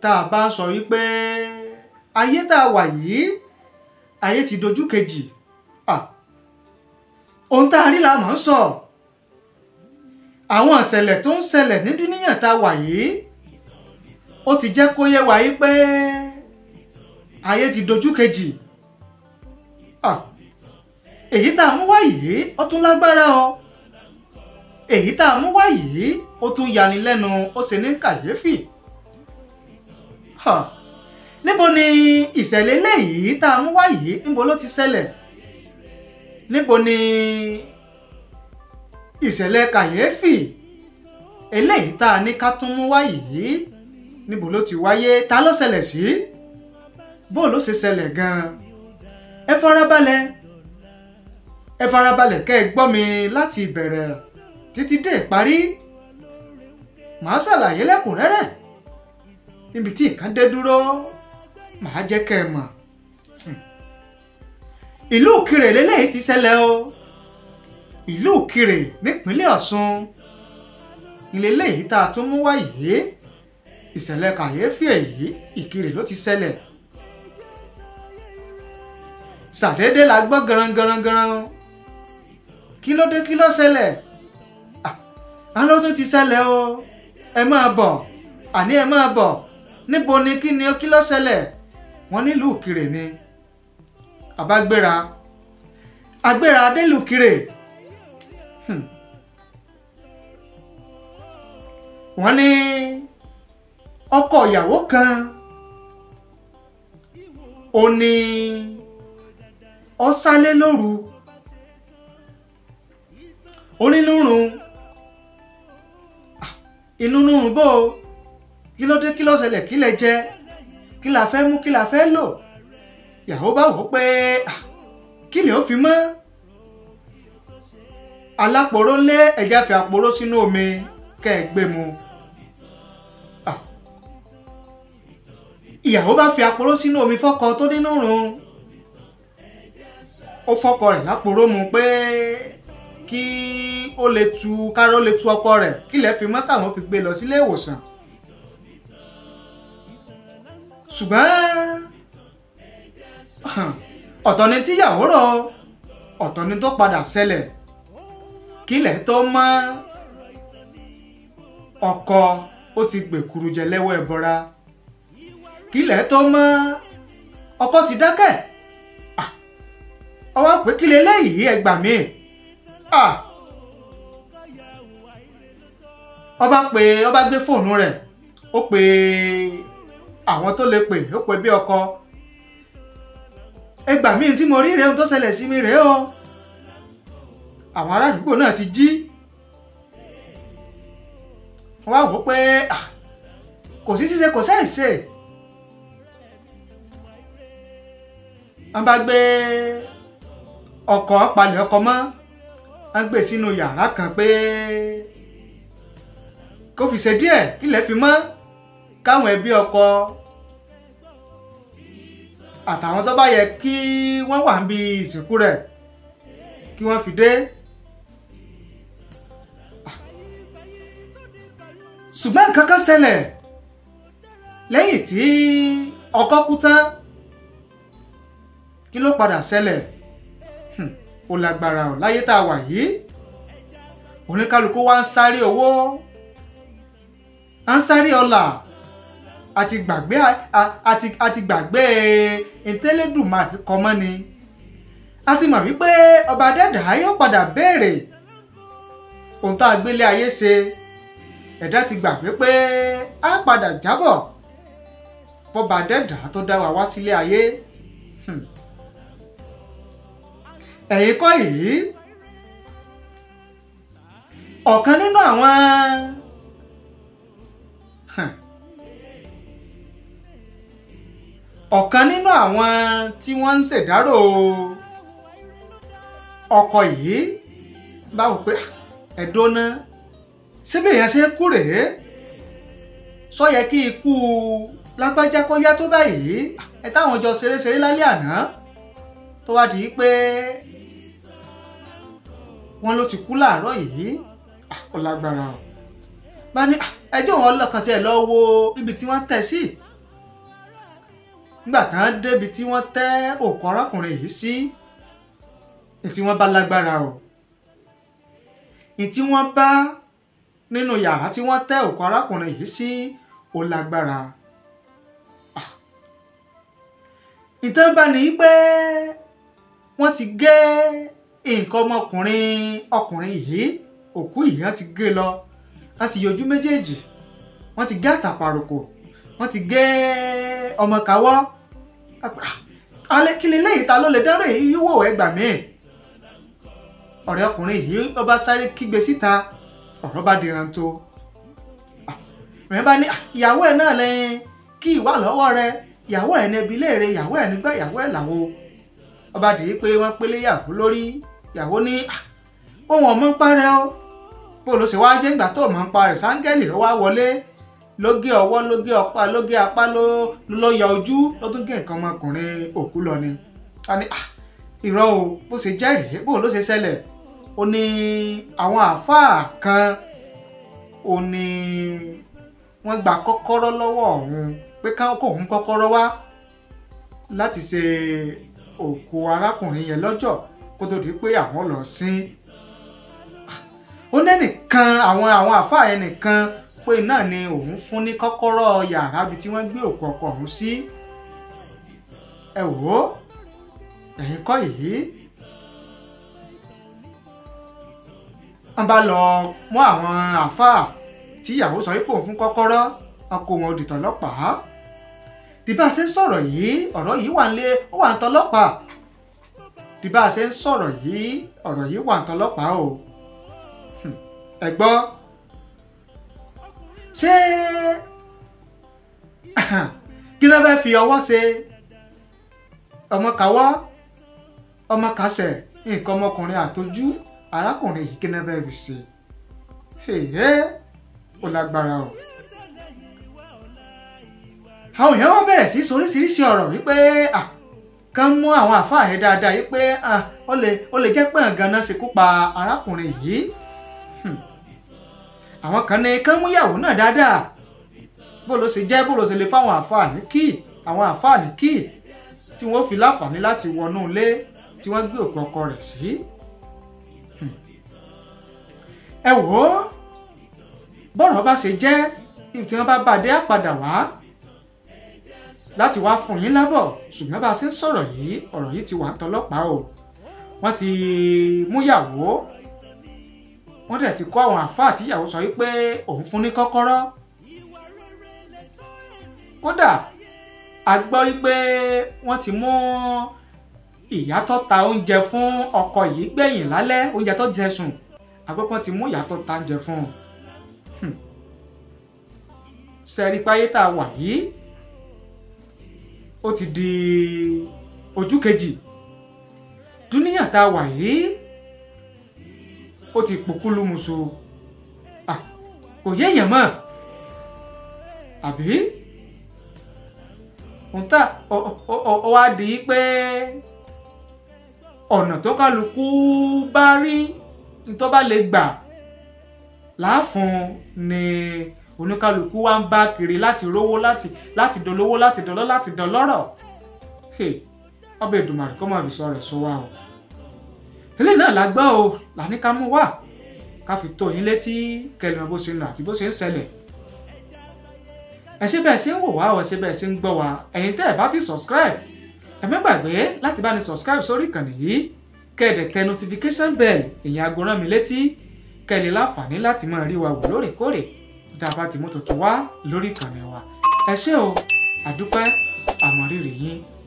tá a bá sọ wípé ayé tá a wà yìí ayé ti dojú kejì ohun tá a rí la mọ̀ ń sọ àwọn ìṣẹ̀lẹ̀ tó ń ṣẹlẹ̀ ní dúníyàn tá a wà yìí ó ti jẹ́ kó yé wa pé ayé ti dojú kejì èyí tá a mú wá yìí ó tún lágbára o èyí tá a mú wá yìí ó tún yanilẹ́nu ó ṣe ní kàyéfì níbo ni ìṣẹ̀lẹ̀ eléyìí tá a mú wá yìí níbo ló ti ṣẹlẹ̀ níbo ni ìṣẹ̀lẹ̀ kàyéfì eléyìí tá a ní ká tún mú wá yìí níbo ló ti wáyé ta ló ṣẹlẹ̀ sí bó ló ṣe ṣẹlẹ̀ gan-an ẹ farabalẹ̀ ẹ farabalẹ̀ kẹ́ ẹ gbọ́ mi láti ìbẹ̀rẹ̀ títí dé ìparí màá ṣàlàyé lẹ́kùnrẹ́rẹ́ níbi tí nǹkan dé dúró màá jẹ́ kẹ́ ẹ mọ̀ hmm. ìlú òkèrè lélẹ́yìí ti ṣẹlẹ̀ o ìlú òkèrè nípínlẹ̀ ọ̀ṣun ìlélẹ́yìí tá a tún mú wá yìí ìṣẹ̀lẹ̀ kàyéfì èyí ìkirè ló ti ṣẹlẹ̀ ṣàdédé la gbọ́ garangarangaran kí ló dé kí ló ṣẹlẹ̀ àlọ́ ah, tún ti ṣẹlẹ̀ o ẹ máa bọ̀ àní ẹ máa bọ̀ níbo ni kí ni ó kí ló ṣẹlẹ̀ wọ́n nílùú Ìkirè ni àbágbéra agbéra délùú Ìkirè hmm. wọ́n ní ọkọ ìyàwó kan ó ní ó sálé lóru onínúrun ah, inú bó o kí ló dé kí ló ṣẹlẹ̀ kí lẹ jẹ kí la fẹ́ mú kí la fẹ́ lò ìyàwó bá wò ó pé ah, kí lè ó fi mọ́ alápòró lé ẹja fi àpòró sínú omi kẹ́ ẹ gbé mu ìyàwó ah. bá fi àpòró sínú omi fọ́kọ tó nínú rùn ó fọ́kọ rẹ̀ lápòró mu pé kí ó lè tu káró lè tu ọkọ rẹ̀ kí lè fi mọ́ káwọn fi gbé lọ sílé ìwòsàn. Si ṣùgbọ́n ọ̀tọ̀ ni tíyàwó rọ̀ ọ̀tọ̀ ni tó padà ṣẹlẹ̀ kílẹ̀ tó mọ́ ọkọ ó ti gbèkuru jẹ lẹ́wọ́ ẹ̀bọra kílẹ̀ tó mọ́ ọkọ ti dákẹ́ ọwọ́ pé kílẹ̀ lẹ́yìí ẹ gbà ọba pé ọba gbé fóònù rẹ̀ ó pè é àwọn tó lè pè ó pè bí ọkọ ẹgbà míì tí mo rí rèé ohun tó ṣẹlẹ̀ sí mi rèé o àwọn ará àdúgbò náà ti jí wọ́n wá wò pé kò sí ṣíṣe kò sẹ́ẹ̀ ṣe wọ́n bá gbé ọkọ̀ palẹ̀ ọkọ̀ mọ́ wọ́n gbé sínú yàrá kan pé kó fi ṣe díẹ̀ kílẹ̀ fi mọ́ káwọn ẹbí ọkọ àtàwọn tó bá yẹ kí wọ́n wà níbi ìsìnkú rẹ̀ kí wọ́n fi dé. ṣùgbọ́n nǹkan kan ṣẹlẹ̀ lẹ́yìn tí ọkọ kú tán kí ló padà ṣẹlẹ̀ hmm, ó lágbára ọ̀ láyé tá a wà yìí oníkálukú wa ń sáré owó à ń sáré ọlà àti gbàgbé àti àti gbàgbé ìtẹ́lẹ́dùnmá kọ́mọ́ ni a ti mọ̀ wípé ọba dẹ́dà yóò padà béèrè ohun tá a gbélé ayé ṣe ẹ̀dá ti gbàgbé pé a padà jábọ̀ fọba dẹ́dà tó dá wa wá sílé ayé hmm. ẹ̀yin kọ́ yìí ọ̀kan nínú àwọn. ọ̀kan nínú àwọn tí wọ́n ń ṣèdárò ọkọ yìí báwo pé ẹ̀dọ́ náà síbẹ̀ yẹn ṣe kú rèé sọ yẹ kí ikú lágbájá kọ́ yá tó báyìí ẹ táwọn jọ ṣeré-ṣeré lálẹ́ àná tó wá di pé wọ́n ló ti kú láàárọ̀ yìí ó bá ní ẹjọ́ wọn lọ́kàn tí ẹ lọ wo ibi tí wọ́n tẹ̀ sí. Si nígbà tá a débi tí wọ́n tẹ́ òkú arákùnrin yìí sí ìtí wọ́n bá lágbára o ìtí wọ́n bá nínú yàrá tí wọ́n tẹ́ òkú arákùnrin yìí sí ó lágbára ah. ìtàn bá ní pé wọ́n ti gé nǹkan ọmọkùnrin ọkùnrin yìí òkú yìí wọ́n ti gé e lọ wọ́n ti yọjú méjèèjì wọ́n ti gé àtàpàròkò wọ́n ti gé ọmọ káwọ́ alẹ́ kí leléyìí ta ló lè dárò èyí wò ẹgbà míì ọ̀rẹ́ ọkùnrin yìí ló bá sáré kígbe síta ọ̀rọ̀ bá di ranto mẹ́bà ní ìyàwó ẹ̀ náà lẹ́yìn kí ìwà lọ́wọ́ rẹ ìyàwó ẹ̀ léèrè ìyàwó ẹ̀ nígbà ìyàwó ẹ̀ ọba dìí pé wọ́n pélé yàgò lórí ìyàwó ní ohun ọmọ ń parẹ́ o bó ló ṣe wá jẹ́ ìgbà tó ọmọ ń parẹ́ sáńgẹ́lì ló wá wọlé ló gé ọwọ́ ló gé ọ̀pá ló gé apá ló ló ya ojú ló gé nǹkan ọmọkùnrin òkú lọ ni a ní ah irọ́ o bó ṣe jẹ́rìí bó ló ṣe ṣẹlẹ̀ ó ní àwọn àáfàá kan ó ní wọ́n gba kọ́kọ́rọ́ lọ́wọ́ ọ̀hún pé kóun kọ́kọ́rọ́ wá láti ṣe òkú arákùnrin yẹn lọ́jọ́ kó tó di pé àwọn lọ sin ah, ó ní ẹnìkan àwọn àwọn àáfàá yẹn nìkan pé náà ni òun fún ní kọ́kọ́rọ́ yàrá ibi tí wọ́n gbé òkú ọkọ ọ̀hún sí ẹ wò ó ẹ̀yin kọ́ yìí wọ́n bá lọ mú àwọn àáfàá tí ìyàwó sọ pé òun fún kọ́kọ́rọ́ ọkọ wọn òdìtọ̀ ọlọ́pàá dìbà ṣe ń sọ̀rọ̀ yìí ọ̀rọ̀ yìí wà nílé ó wà ń tọlọ́pàá dìbà ṣe ń sọ̀rọ̀ yìí ọ̀rọ̀ yìí wà ń tọlọ́pàá o hm, ẹ gbọ́ ṣé kí ló fẹ́ fi ọwọ́ ṣe ọmọ kàwọ́ ọmọ kàṣẹ̀ nǹkan ọmọkùnrin àtọ́jú arákùnrin yìí kí ló fẹ́ fi ṣe ṣèyẹ ó lágbára o. àwọn èèyàn wọn bẹ̀rẹ̀ sí soríṣiríṣi ọ̀rọ̀ wípé kàn mú àwọn àfáà yẹn dáadáa yìí pé ó lè jẹ́ pé ọ̀gá náà ṣekú pa arákùnrin yìí àwọn kan ní kán múyàwó náà dáadáa bó ló ṣe jẹ́ bó ló ṣe lè fáwọn àǹfààní kí àwọn àǹfààní kí tí wọ́n fi láǹfààní láti wọnú ilé tí wọ́n gbé òkú ọkọ rẹ̀ sí. Hmm. ẹ wò ó bọ́rọ̀ bá ṣe jẹ́ tí wọ́n bá bá dé àpadà wá láti wá fún yín lábọ̀ ṣùgbọ́n bá a ṣe ń sọ̀rọ̀ yìí ọ̀rọ̀ yìí ti wà ń tọlọ́pàá o wọ́n ti múyàwó wọ́n dẹ̀ ti kọ́ àwọn àáfàá tíyàwó sọ wípé òun fún ní kọ́kọ́rọ́ kódà a gbọ́ wípé wọ́n ti mú ìyá ta oúnjẹ fún ọkọ yìí gbẹ̀yìn lálẹ́ oúnjẹ tó jẹ sùn a ti mú ìyá ta oúnjẹ fún un sẹ́ẹ̀rí hmm. páyé tá a wà yìí ó ti di ojú kejì dúníyà tá a wà yìí ó ti pokú lómuṣu kò yé èèyàn mọ́ àbí òun tà ọ wá di pé ọ̀nà tó kálukú bá rí tó bá lè gbà láàfún ni oníkálukú wa ń bá kiri láti rówó láti láti dolówó láti dọlọ́ láti dọlọ́rọ̀ ọbẹ̀ Èdùmàrè kọ́ máa rẹ̀ sọ wá o ilé náà la gbọ́ o là ní ká mú wá ká fi tó yín létí kẹlẹ́ bó ṣe ń lọ àti bó ṣe ń ṣẹlẹ̀ ẹ ṣé bẹ́ẹ̀ ṣe ń wò wá o ẹ ṣé bẹ́ẹ̀ ṣe ń gbọ́ wá ẹ̀yin tẹ́ ẹ bá ti subscribe ẹ má láti bá ní subscribe sórí ìkànnì yìí kẹ́ẹ̀dẹ̀ tẹ notification bell ìyẹn aago rán mi létí kẹ́ẹ̀lẹ́ láǹfààní láti máa rí wa wò lóòrèkóòrè tá a bá ti mú tuntun wá lórí ìkànnì wa ẹ ṣé o àdúpẹ́ àmọ̀rírì yín.